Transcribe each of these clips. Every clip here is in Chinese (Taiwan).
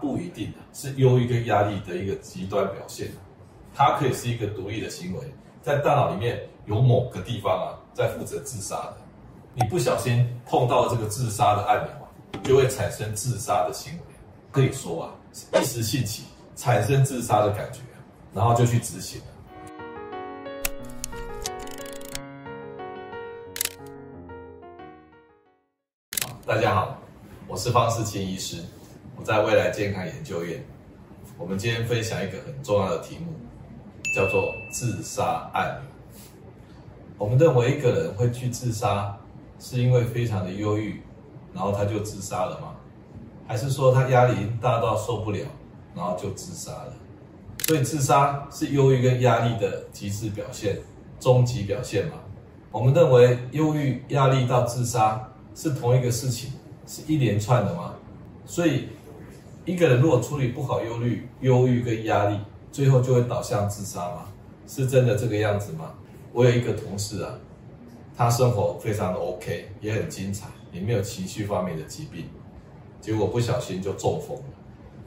不一定的，是憂鬱跟壓力的一個極端表現，它可以是一個獨立的行為，在大腦裡面有某個地方啊，在負責自殺的，你不小心碰到了這個自殺的按鈕，就會產生自殺的行為，可以說啊，是一時興起產生自殺的感覺，然後就去執行。啊，大家好，我是方世清醫師。我在未來健康研究院，我們今天分享一個很重要的題目，叫做自殺案例。我們認為一個人會去自殺，是因為非常的憂鬱，然後他就自殺了嗎？還是說他壓力大到受不了，然後就自殺了？所以自殺是憂鬱跟壓力的極致表現、終極表現嗎？我們認為憂鬱、壓力到自殺是同一個事情，是一連串的嗎？所以。一個人如果處理不好憂慮、憂鬱跟壓力，最後就會導向自殺嗎？是真的這個樣子嗎？我有一個同事啊，他生活非常的 OK，也很精彩，也沒有情緒方面的疾病，結果不小心就中風了。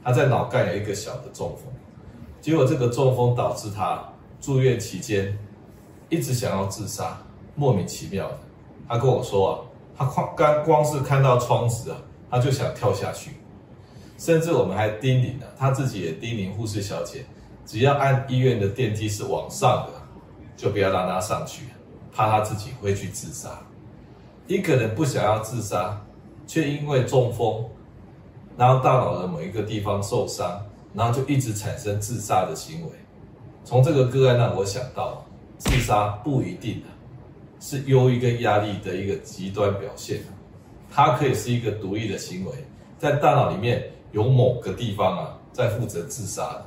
他在腦幹有一個小的中風，結果這個中風導致他住院期間一直想要自殺，莫名其妙的。他跟我說啊，他看剛光是看到窗子啊，他就想跳下去。甚至我們還叮嚀了啊，他自己也叮嚀護士小姐，只要按醫院的電梯是往上的，就不要讓他上去，怕他自己會去自殺。你可能不想要自殺，卻因為中風，然後大腦的某一個地方受傷，然後就一直產生自殺的行為。從這個個案讓我想到，自殺不一定的是憂鬱跟壓力的一個極端表現，它可以是一個獨立的行為，在大腦裡面。有某個地方啊，在負責自殺的，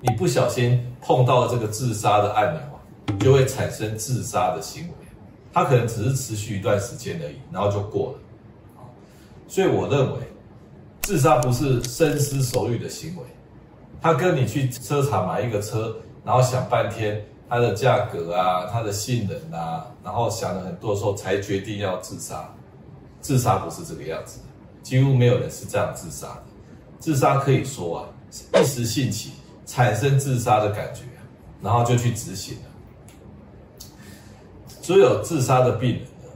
你不小心碰到了這個自殺的按鈕就會產生自殺的行為。它可能只是持續一段時間而已，然後就過了。所以我認為，自殺不是深思熟慮的行為。他跟你去車廠買一個車，然後想半天它的價格啊、它的性能啊，然後想了很多時候才決定要自殺。自殺不是這個樣子，幾乎沒有人是這樣自殺的。自殺可以說啊，是一時興起產生自殺的感覺，然後就去執行了。所有自殺的病人呢，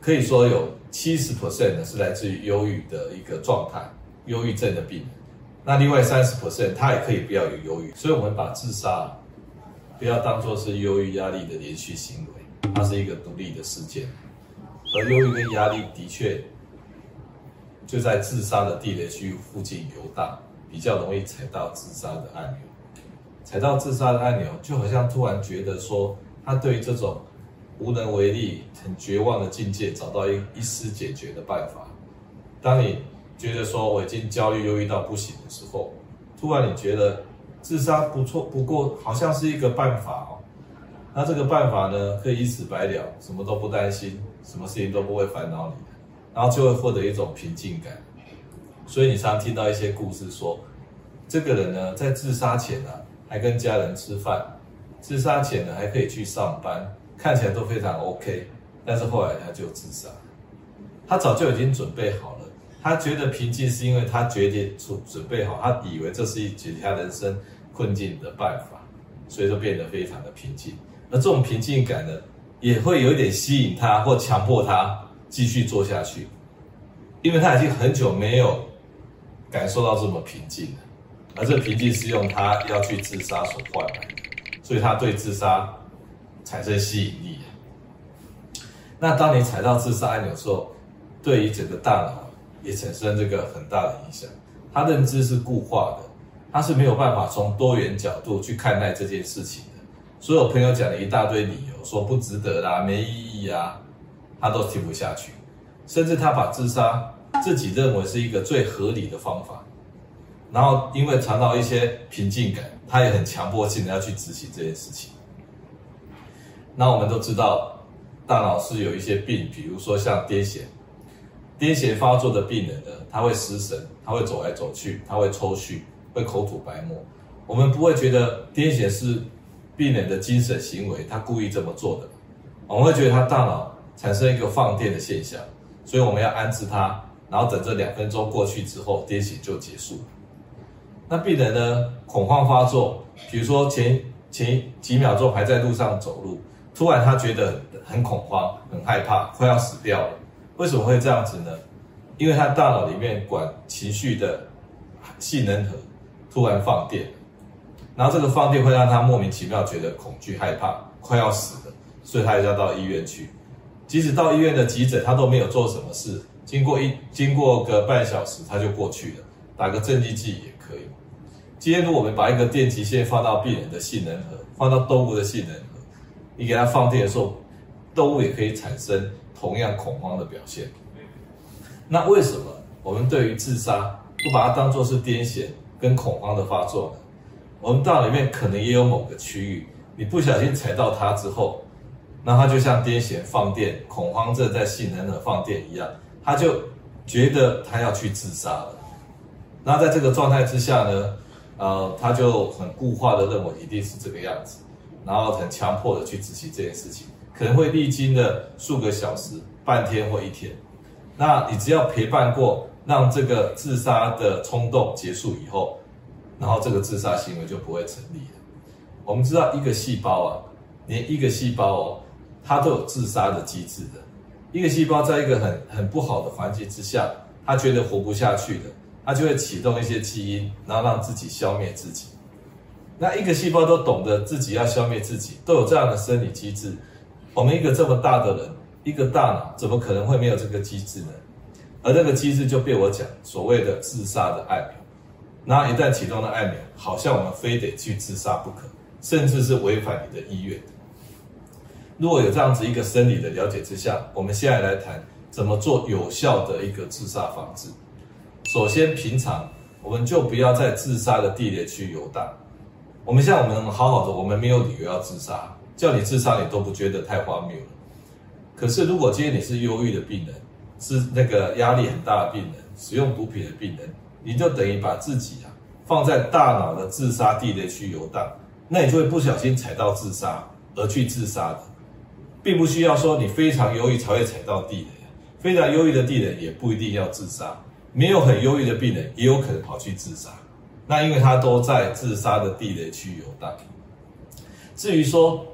可以說有七十 percent 呢是來自於憂鬱的一個狀態，憂鬱症的病人。那另外三十 percent 他也可以不要有憂鬱，所以我們把自殺不要當做是憂鬱壓力的連續行為，它是一個獨立的事件。而憂鬱跟壓力的確。就在自殺的地雷區附近遊蕩，比較容易踩到自殺的按鈕。踩到自殺的按鈕，就好像突然覺得說，他對於這種無能為力、很絕望的境界，找到一一絲解決的辦法。當你覺得說，我已經焦慮憂鬱到不行的時候，突然你覺得自殺不錯，不過好像是一個辦法哦。那這個辦法呢，可以一死百了，什麼都不擔心，什麼事情都不會煩惱你。然後就會獲得一種平靜感，所以你常常聽到一些故事說，這個人呢，在自殺前呢、啊、還跟家人吃飯，自殺前呢還可以去上班，看起來都非常 OK，但是後來他就自殺，他早就已經準備好了，他覺得平靜是因為他覺得準準備好，他以為這是一解決他人生困境的辦法，所以說變得非常的平靜，而這種平靜感呢，也會有一點吸引他或強迫他。繼續做下去，因為他已經很久沒有感受到這麼平靜，而這平靜是用他要去自殺所換來的，所以他對自殺產生吸引力。那當你踩到自殺按鈕的時候，對於整個大腦也產生這個很大的影響。他認知是固化的，他是沒有辦法從多元角度去看待這件事情的。所以我朋友講了一大堆理由，說不值得啦、啊，沒意義啊。他都聽不下去，甚至他把自殺自己認為是一個最合理的方法，然後因為嘗到一些平靜感，他也很強迫性的要去執行這件事情。那我們都知道，大腦是有一些病，比如說像癲癇，癲癇發作的病人呢，他會失神，他會走來走去，他會抽搐，會口吐白沫。我們不會覺得癲癇是病人的精神行為，他故意這麼做的，我們會覺得他大腦。產生一個放電的現象，所以我們要安置它，然後等這兩分鐘過去之後，癲癇就結束了。那病人呢，恐慌發作，比如說前前幾秒鐘還在路上走路，突然他覺得很，很恐慌、很害怕，快要死掉了。為什麼會這樣子呢？因為他大腦裡面管情緒的杏仁核突然放電，然後這個放電會讓他莫名其妙覺得恐懼、害怕，快要死了，所以他要到醫院去。即使到醫院的急診，他都沒有做什麼事，經過一經過個半小時他就過去了，打個鎮靜劑也可以。今天如果我們把一個電極線放到病人的杏仁核，放到動物的杏仁核，你給它放電的時候，動物也可以產生同樣恐慌的表現。那為什麼我們對於自殺不把它當作是癲癇跟恐慌的發作呢？我們大腦裡面可能也有某個區域，你不小心踩到它之後，然後他就像癲癇放電、恐慌症在心裡面放電一樣，他就覺得他要去自殺了。那在這個狀態之下呢，呃，他就很固化的認為一定是這個樣子，然後很強迫的去執行這件事情，可能會歷經了數個小時、半天或一天。那你只要陪伴過，讓這個自殺的衝動結束以後，然後這個自殺行為就不會成立了。我們知道一個細胞啊，連一個細胞哦、啊。他都有自殺的機制的，一個細胞在一個很很不好的環境之下，他覺得活不下去的，他就會啟動一些基因，然後讓自己消滅自己。那一個細胞都懂得自己要消滅自己，都有這樣的生理機制，我們一個這麼大的人，一個大腦怎麼可能會沒有這個機制呢？而這個機制就被我講所謂的自殺的按鈕，然後一旦啟動了按鈕，好像我們非得去自殺不可，甚至是違反你的意願。如果有這樣子一個生理的了解之下，我們現在來談怎麼做有效的一個自殺防治。首先，平常我們就不要在自殺的地雷區遊蕩。我們像我們好好的，我們沒有理由要自殺，叫你自殺你都不覺得太荒謬了。可是，如果今天你是憂鬱的病人，是那個壓力很大的病人，使用毒品的病人，你就等於把自己啊放在大腦的自殺地雷區遊蕩，那你就會不小心踩到自殺而去自殺的。並不需要說你非常憂鬱才會踩到地雷，非常憂鬱的病人也不一定要自殺，沒有很憂鬱的病人也有可能跑去自殺，那因為他都在自殺的地雷區遊蕩。至於說，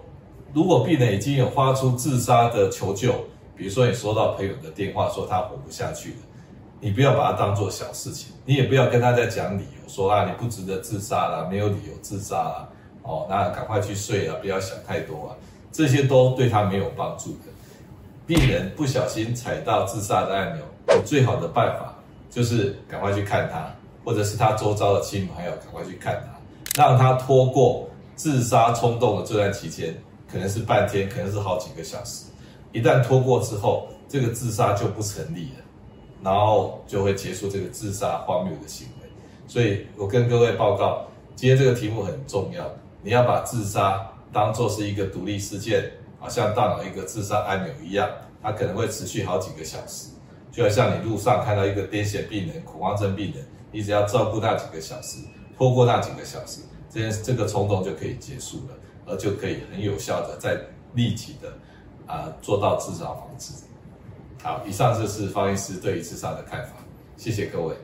如果病人已經有發出自殺的求救，比如說你收到朋友的電話說他活不下去了，你不要把他當做小事情，你也不要跟他在講理由，說啊你不值得自殺啦，沒有理由自殺啊，哦那趕快去睡啊，不要想太多啊。這些都對他沒有幫助的。病人不小心踩到自殺的按鈕，最好的辦法就是趕快去看他，或者是他周遭的親朋好友趕快去看他，讓他拖過自殺衝動的這段期間，可能是半天，可能是好幾個小時。一旦拖過之後，這個自殺就不成立了，然後就會結束這個自殺荒謬的行為。所以，我跟各位報告，今天這個題目很重要，你要把自殺當做是一個獨立事件，啊，像大腦一個自殺按鈕一樣，它可能會持續好幾個小時，就好像你路上看到一個癲癇病人、恐慌症病人，你只要照顧那幾個小時，拖過那幾個小時，這這個衝動就可以結束了，而就可以很有效的在立即的，啊、呃，做到自殺防治。好，以上就是方醫師對於自殺的看法，謝謝各位。